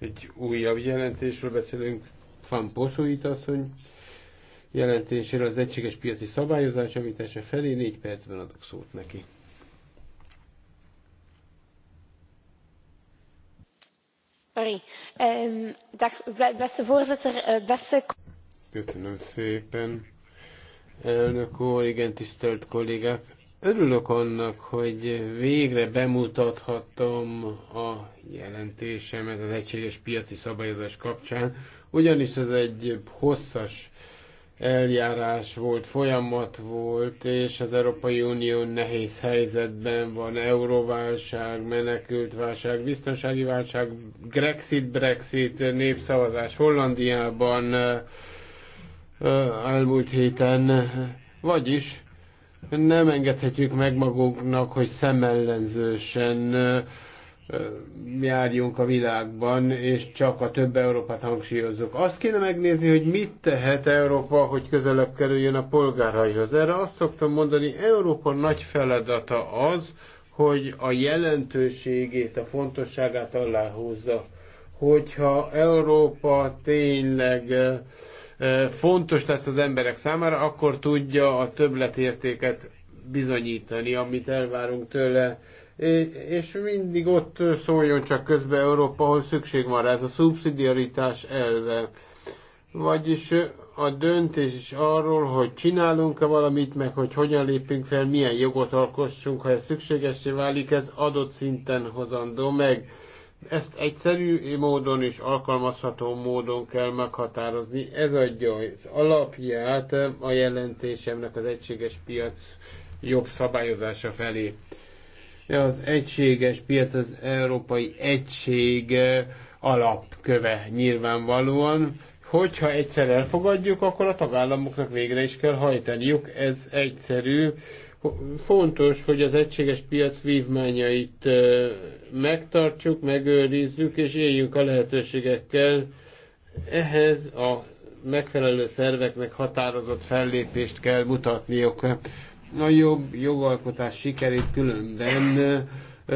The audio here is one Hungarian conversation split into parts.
Egy újabb jelentésről beszélünk, Fan Poszóit asszony jelentéséről az egységes piaci szabályozás javítása felé. Négy percben adok szót neki. Ehm, eh, Köszönöm szépen. Elnök úr, igen, tisztelt kollégák! Örülök annak, hogy végre bemutathattam a jelentésemet az egységes piaci szabályozás kapcsán, ugyanis ez egy hosszas eljárás volt, folyamat volt, és az Európai Unió nehéz helyzetben van, euróválság, menekültválság, biztonsági válság, Grexit, Brexit, népszavazás Hollandiában elmúlt héten, vagyis nem engedhetjük meg magunknak, hogy szemellenzősen járjunk a világban, és csak a több Európát hangsúlyozzuk. Azt kéne megnézni, hogy mit tehet Európa, hogy közelebb kerüljön a polgáraihoz. Erre azt szoktam mondani, Európa nagy feladata az, hogy a jelentőségét, a fontosságát aláhúzza. Hogyha Európa tényleg fontos lesz az emberek számára, akkor tudja a többletértéket bizonyítani, amit elvárunk tőle. És mindig ott szóljon csak közbe Európa, ahol szükség van rá, ez a szubszidiaritás elve. Vagyis a döntés is arról, hogy csinálunk-e valamit, meg hogy hogyan lépünk fel, milyen jogot alkossunk, ha ez szükségessé válik, ez adott szinten hozandó meg ezt egyszerű módon és alkalmazható módon kell meghatározni. Ez adja az alapját a jelentésemnek az egységes piac jobb szabályozása felé. Az egységes piac az európai egység alapköve nyilvánvalóan. Hogyha egyszer elfogadjuk, akkor a tagállamoknak végre is kell hajtaniuk. Ez egyszerű Fontos, hogy az egységes piac vívmányait megtartsuk, megőrizzük és éljünk a lehetőségekkel. Ehhez a megfelelő szerveknek határozott fellépést kell mutatniuk. A jobb jogalkotás sikerét különben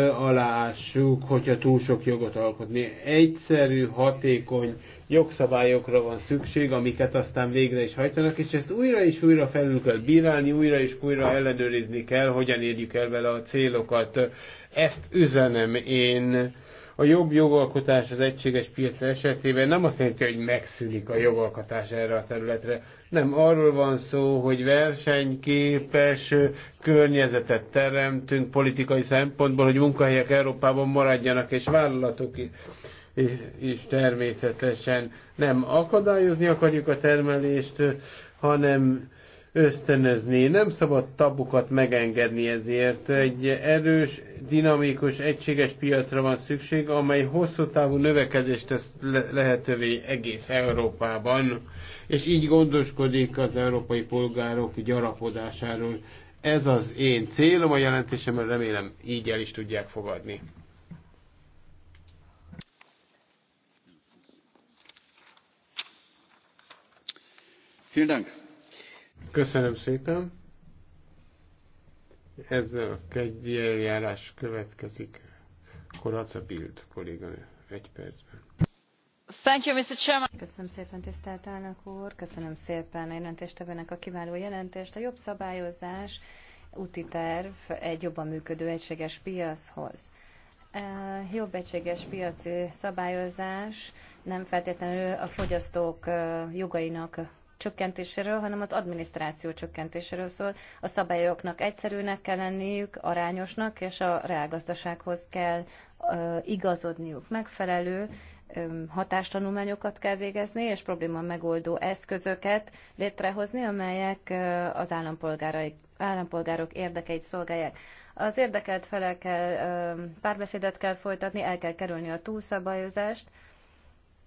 alássuk, hogyha túl sok jogot alkotni. Egyszerű, hatékony jogszabályokra van szükség, amiket aztán végre is hajtanak, és ezt újra és újra felül kell bírálni, újra és újra ellenőrizni kell, hogyan érjük el vele a célokat. Ezt üzenem én a jobb jogalkotás az egységes piac esetében nem azt jelenti, hogy megszűnik a jogalkotás erre a területre. Nem, arról van szó, hogy versenyképes környezetet teremtünk politikai szempontból, hogy munkahelyek Európában maradjanak, és vállalatok és természetesen nem akadályozni akarjuk a termelést, hanem ösztönözni. Nem szabad tabukat megengedni ezért. Egy erős, dinamikus, egységes piacra van szükség, amely hosszú távú növekedést tesz le- lehetővé egész Európában, és így gondoskodik az európai polgárok gyarapodásáról. Ez az én célom a jelentésemben, remélem így el is tudják fogadni. Vielen Dank. Köszönöm szépen. Ez a egy eljárás következik. Koraca Bild kolléganő egy percben. Thank you, Mr. Chairman. Köszönöm szépen, tisztelt elnök úr. Köszönöm szépen a jelentéstevőnek a kiváló jelentést. A jobb szabályozás úti terv egy jobban működő egységes piachoz. Jobb egységes piaci szabályozás nem feltétlenül a fogyasztók jogainak csökkentéséről, hanem az adminisztráció csökkentéséről szól. A szabályoknak egyszerűnek kell lenniük, arányosnak, és a reálgazdasághoz kell igazodniuk megfelelő, hatástanulmányokat kell végezni, és probléma megoldó eszközöket létrehozni, amelyek az állampolgárok érdekeit szolgálják. Az érdekelt felekkel párbeszédet kell folytatni, el kell kerülni a túlszabályozást,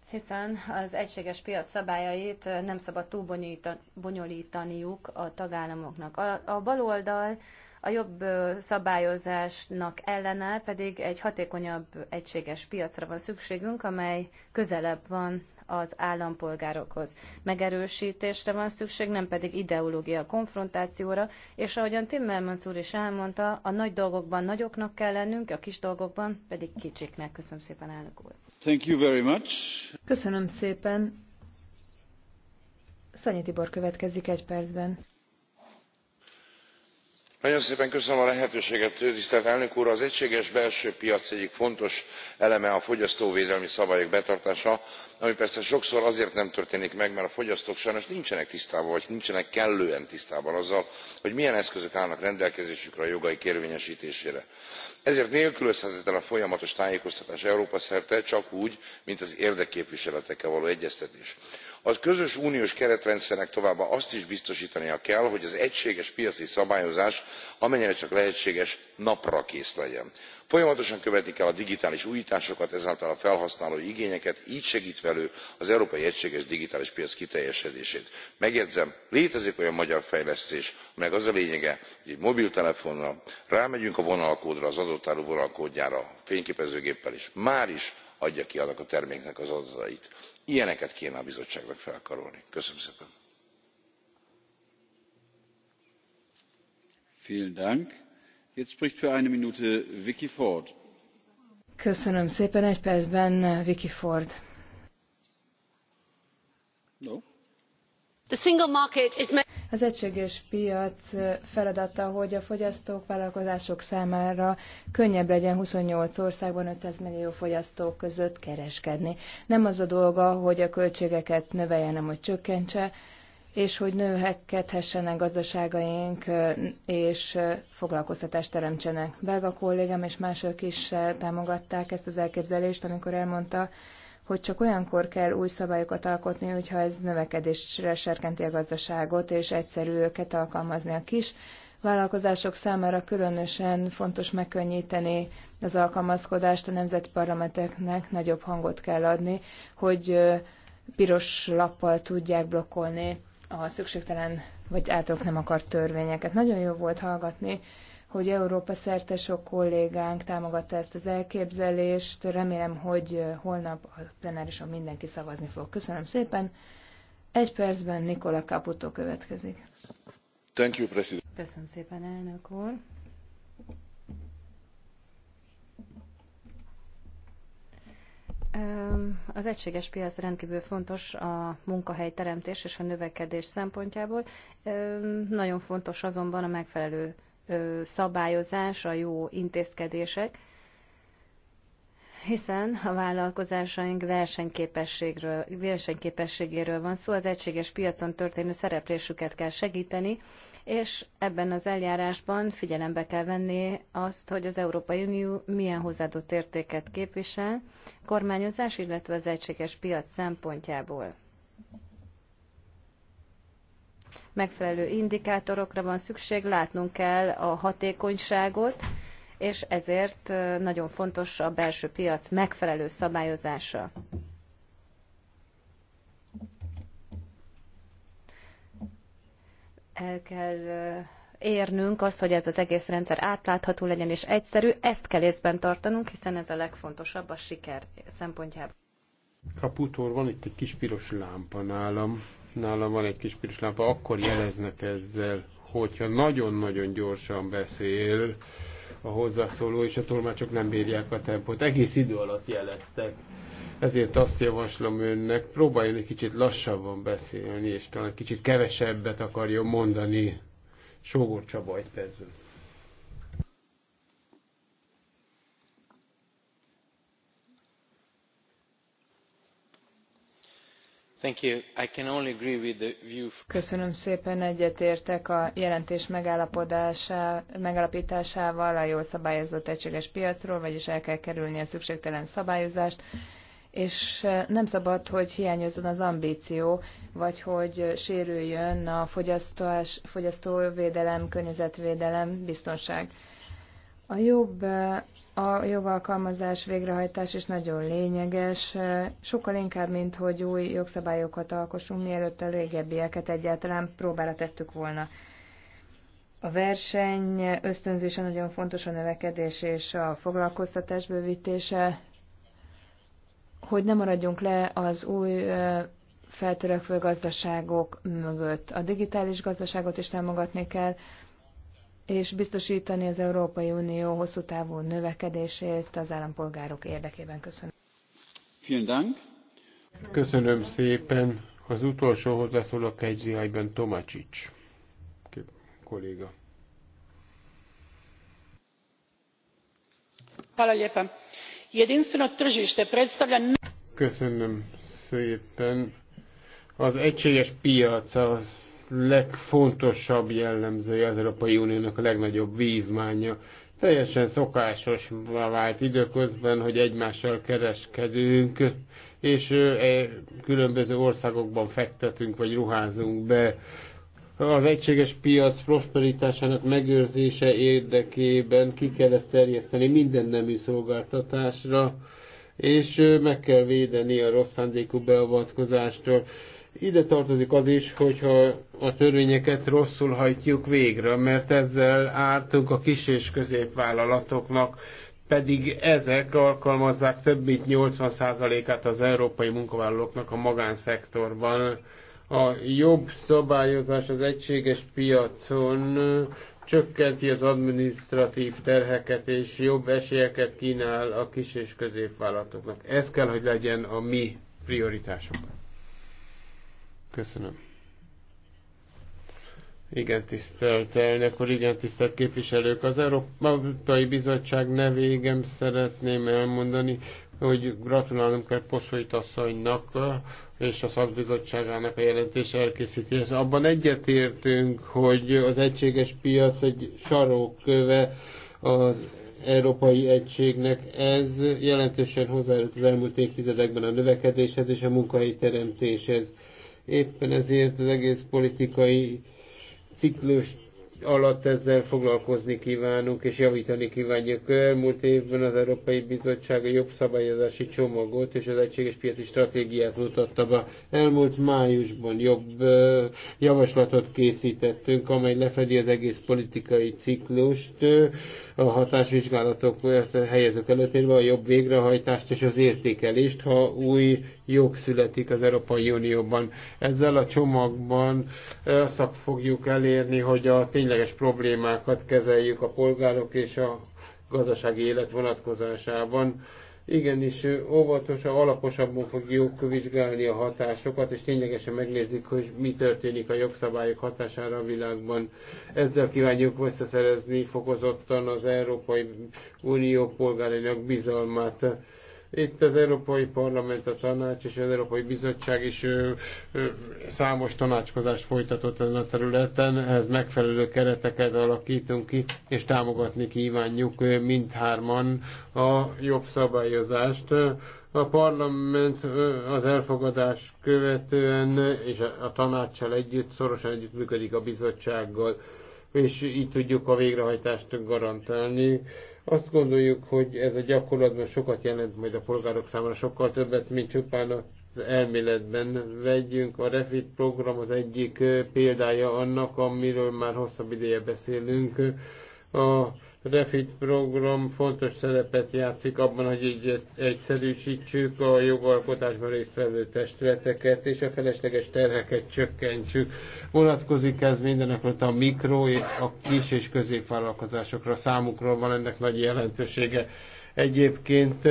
hiszen az egységes piac szabályait nem szabad túlbonyolítaniuk a tagállamoknak. A, a baloldal a jobb szabályozásnak ellene pedig egy hatékonyabb egységes piacra van szükségünk, amely közelebb van az állampolgárokhoz. Megerősítésre van szükség, nem pedig ideológia konfrontációra, és ahogyan Timmermans úr is elmondta, a nagy dolgokban nagyoknak kell lennünk, a kis dolgokban pedig kicsiknek. Köszönöm szépen, elnök úr! Köszönöm szépen. Szanyi Tibor következik egy percben. Nagyon szépen köszönöm a lehetőséget, tisztelt elnök úr! Az egységes belső piac egyik fontos eleme a fogyasztóvédelmi szabályok betartása ami persze sokszor azért nem történik meg mert a fogyasztók sajnos nincsenek tisztában vagy nincsenek kellően tisztában azzal hogy milyen eszközök állnak rendelkezésükre a jogaik érvényestésére. ezért nélkülözhetetlen a folyamatos tájékoztatás európa szerte csak úgy mint az érdekképviseletekkel való egyeztetés. a közös uniós keretrendszernek továbbá azt is biztostania kell hogy az egységes piaci szabályozás amennyire csak lehetséges naprakész legyen folyamatosan követni kell a digitális újtásokat ezáltal a felhasználói igényeket gy segtve elő az európai egységes digitális piac kiteljesedését. megjegyzem létezik olyan magyar fejlesztés amelynek az a lényege hogy egy mobiltelefonnal rámegyünk a vonalkódra az adott áru vonalkódjára fényképezőgéppel és is adja ki annak a terméknek az adatait. ilyeneket kéne a bizottságnak felkarolni. köszönöm szépen! Köszönöm szépen, egy percben uh, Vicky Ford. Az egységes piac uh, feladata, hogy a fogyasztók, vállalkozások számára könnyebb legyen 28 országban 500 millió fogyasztó között kereskedni. Nem az a dolga, hogy a költségeket növelje, hanem hogy csökkentse, és hogy nőhekkedhessenek gazdaságaink, és foglalkoztatást teremtsenek. Belga kollégám és mások is támogatták ezt az elképzelést, amikor elmondta, hogy csak olyankor kell új szabályokat alkotni, hogyha ez növekedésre serkenti a gazdaságot, és egyszerű őket alkalmazni a kis vállalkozások számára különösen fontos megkönnyíteni az alkalmazkodást, a nemzeti parlamenteknek nagyobb hangot kell adni, hogy piros lappal tudják blokkolni a szükségtelen vagy általuk nem akart törvényeket. Nagyon jó volt hallgatni, hogy Európa szerte sok kollégánk támogatta ezt az elképzelést. Remélem, hogy holnap a plenárison mindenki szavazni fog. Köszönöm szépen. Egy percben Nikola Caputo következik. Thank you, President. Köszönöm szépen, elnök úr. Az egységes piac rendkívül fontos a munkahelyteremtés és a növekedés szempontjából. Nagyon fontos azonban a megfelelő szabályozás, a jó intézkedések, hiszen a vállalkozásaink versenyképességről, versenyképességéről van szó, az egységes piacon történő szereplésüket kell segíteni, és ebben az eljárásban figyelembe kell venni azt, hogy az Európai Unió milyen hozzáadott értéket képvisel kormányozás, illetve az egységes piac szempontjából. Megfelelő indikátorokra van szükség, látnunk kell a hatékonyságot, és ezért nagyon fontos a belső piac megfelelő szabályozása. el kell érnünk azt, hogy ez az egész rendszer átlátható legyen és egyszerű. Ezt kell észben tartanunk, hiszen ez a legfontosabb a siker szempontjából. Kaputor, van itt egy kis piros lámpa nálam. Nálam van egy kis piros lámpa, akkor jeleznek ezzel, hogyha nagyon-nagyon gyorsan beszél a hozzászóló, és a tolmácsok nem bírják a tempót. Egész idő alatt jeleztek. Ezért azt javaslom önnek, próbáljon egy kicsit lassabban beszélni, és talán egy kicsit kevesebbet akarjon mondani Sógor Csaba egy percben. Köszönöm szépen, egyetértek a jelentés megállapításával a jól szabályozott egységes piacról, vagyis el kell kerülni a szükségtelen szabályozást, és eh, nem szabad, hogy hiányozzon az ambíció, vagy hogy sérüljön a fogyasztás, fogyasztóvédelem, környezetvédelem, biztonság. A jobb eh, a jogalkalmazás, végrehajtás is nagyon lényeges, eh, sokkal inkább, mint hogy új jogszabályokat alkossunk, mielőtt a régebbieket egyáltalán próbára tettük volna. A verseny ösztönzése nagyon fontos a növekedés és a foglalkoztatás bővítése hogy ne maradjunk le az új feltörekvő gazdaságok mögött. A digitális gazdaságot is támogatni kell, és biztosítani az Európai Unió hosszú távú növekedését az állampolgárok érdekében. Köszönöm. Köszönöm szépen. Az utolsó hozzászólok a zihajban Tomacsics kolléga. Köszönöm. lijepa jedinstveno tržište predstavlja. köszönöm szépen az egységes piac a legfontosabb jellemzője az Európai Uniónak a legnagyobb vívmánya. Teljesen szokásos vált időközben, hogy egymással kereskedünk, és e, különböző országokban fektetünk vagy ruházunk be az egységes piac prosperitásának megőrzése érdekében ki kell ezt terjeszteni minden nemű szolgáltatásra, és meg kell védeni a rossz szándékú beavatkozástól. Ide tartozik az is, hogyha a törvényeket rosszul hajtjuk végre, mert ezzel ártunk a kis és középvállalatoknak, pedig ezek alkalmazzák több mint 80%-át az európai munkavállalóknak a magánszektorban a jobb szabályozás az egységes piacon csökkenti az administratív terheket és jobb esélyeket kínál a kis és középvállalatoknak. Ez kell, hogy legyen a mi prioritásunk. Köszönöm. Igen, tisztelt elnök úr, igen, tisztelt képviselők. Az Európai Bizottság nevégem szeretném elmondani, hogy gratulálnom kell Posolyt asszonynak eh, és a szakbizottságának a jelentés elkészítése. Abban egyetértünk, hogy az egységes piac egy sarokköve az európai egységnek. Ez jelentősen hozzájárult az elmúlt évtizedekben a növekedéshez és a munkahelyi teremtéshez. Éppen ezért az egész politikai ciklust alatt ezzel foglalkozni kívánunk és javítani kívánjuk. Elmúlt évben az Európai Bizottság a jobb szabályozási csomagot és az egységes piaci stratégiát mutatta be. Elmúlt májusban jobb javaslatot készítettünk, amely lefedi az egész politikai ciklust, a hatásvizsgálatok helyezők előtérbe a jobb végrehajtást és az értékelést, ha új jog születik az Európai Unióban. Ezzel a csomagban azt fogjuk elérni, hogy a tényleges problémákat kezeljük a polgárok és a gazdasági élet vonatkozásában. Igenis, óvatosan, alaposabban fogjuk vizsgálni a hatásokat, és ténylegesen megnézzük, hogy mi történik a jogszabályok hatására a világban. Ezzel kívánjuk visszaszerezni fokozottan az Európai Unió polgárainak bizalmát itt az Európai Parlament, a Tanács és az Európai Bizottság is ö, ö, számos tanácskozást folytatott ezen a területen, ehhez megfelelő kereteket alakítunk ki, és támogatni kívánjuk mindhárman a jobb szabályozást. A parlament az elfogadás követően és a tanácssal együtt szorosan együttműködik a bizottsággal, és így tudjuk a végrehajtást garantálni azt gondoljuk, hogy ez a gyakorlatban sokat jelent majd a polgárok számára, sokkal többet, mint csupán az elméletben vegyünk. A Refit program az egyik példája annak, amiről már hosszabb ideje beszélünk a Refit program fontos szerepet játszik abban, hogy így egyszerűsítsük a jogalkotásban résztvevő testületeket, és a felesleges terheket csökkentsük. Vonatkozik ez mindenekre, a mikro, és a kis és középvállalkozásokra számukról van ennek nagy jelentősége. Egyébként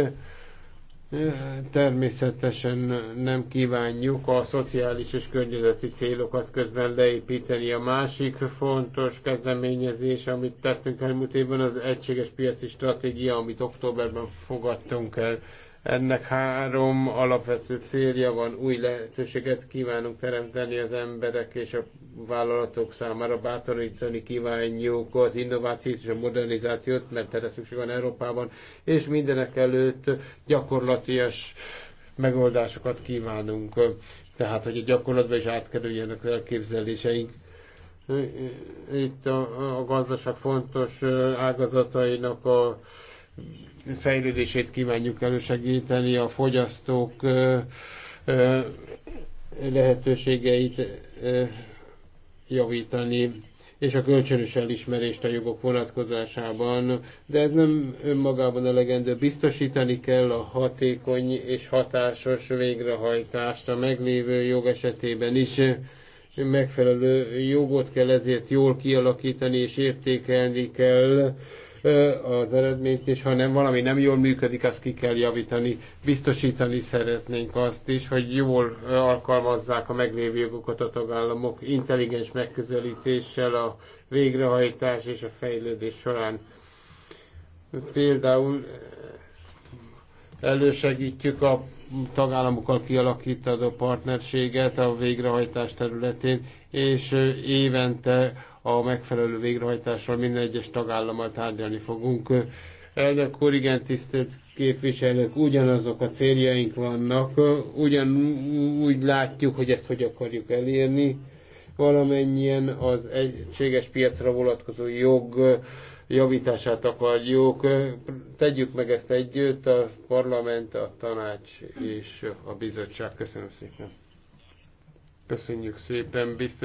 Természetesen nem kívánjuk a szociális és környezeti célokat közben leépíteni. A másik fontos kezdeményezés, amit tettünk elmúlt évben, az egységes piaci stratégia, amit októberben fogadtunk el. Ennek három alapvető célja van, új lehetőséget kívánunk teremteni az emberek és a vállalatok számára, bátorítani kívánjuk az innovációt és a modernizációt, mert erre szükség van Európában, és mindenek előtt gyakorlatias megoldásokat kívánunk, tehát hogy a gyakorlatban is átkerüljenek az elképzeléseink itt a, a gazdaság fontos ágazatainak a fejlődését kívánjuk elősegíteni, a fogyasztók lehetőségeit javítani, és a kölcsönös elismerést a jogok vonatkozásában, de ez nem önmagában elegendő. Biztosítani kell a hatékony és hatásos végrehajtást a meglévő jog esetében is. Megfelelő jogot kell ezért jól kialakítani és értékelni kell az eredményt és ha nem valami nem jól működik, azt ki kell javítani. Biztosítani szeretnénk azt is, hogy jól alkalmazzák a meglévő jogokat a tagállamok intelligens megközelítéssel a végrehajtás és a fejlődés során. Például elősegítjük a tagállamokkal a partnerséget a végrehajtás területén, és évente a megfelelő végrehajtással minden egyes tagállammal tárgyalni fogunk. Elnök úr, igen, tisztelt képviselők, ugyanazok a céljaink vannak, ugyanúgy látjuk, hogy ezt hogy akarjuk elérni, valamennyien az egységes piacra vonatkozó jog javítását akarjuk. Tegyük meg ezt együtt, a parlament, a tanács és a bizottság. Köszönöm szépen. Köszönjük szépen, biztos.